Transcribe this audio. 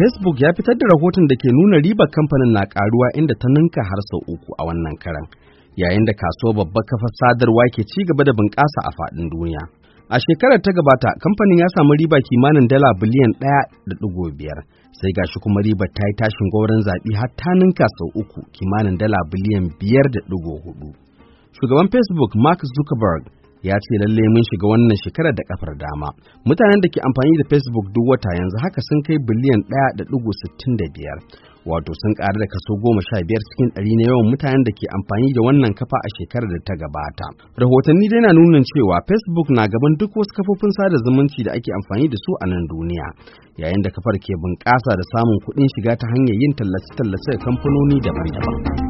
Facebook ya fitar da rahoton da ke nuna ribar kamfanin na karuwa inda ta ninka har sau uku a wannan karan, yayin da kasuwar babbar kafar sadarwa ke ci gaba da bunƙasa a faɗin duniya. A shekarar ta gabata, kamfanin ya samu riba kimanin dala biliyan ɗaya da ɗigo biyar, sai gashi kuma ribar ta yi tashin gwauron zaɓi har ta ninka sau uku kimanin dala biliyan biyar da ɗigo hudu. Shugaban Facebook Mark Zuckerberg ya ce lalle mun shiga wannan shekarar da kafar dama mutanen da ke amfani da facebook duk wata yanzu haka sun kai biliyan ɗaya da sittin da biyar wato sun ƙara da kaso goma sha biyar cikin ɗari na yawan mutanen da ke amfani da wannan kafa a shekarar da ta gabata rahotanni dai na nuna cewa facebook na gaban duk wasu kafofin sada zumunci da ake amfani da su a nan duniya yayin da kafar ke bunƙasa da samun kuɗin shiga ta hanyar yin tallace-tallace kamfanoni daban-daban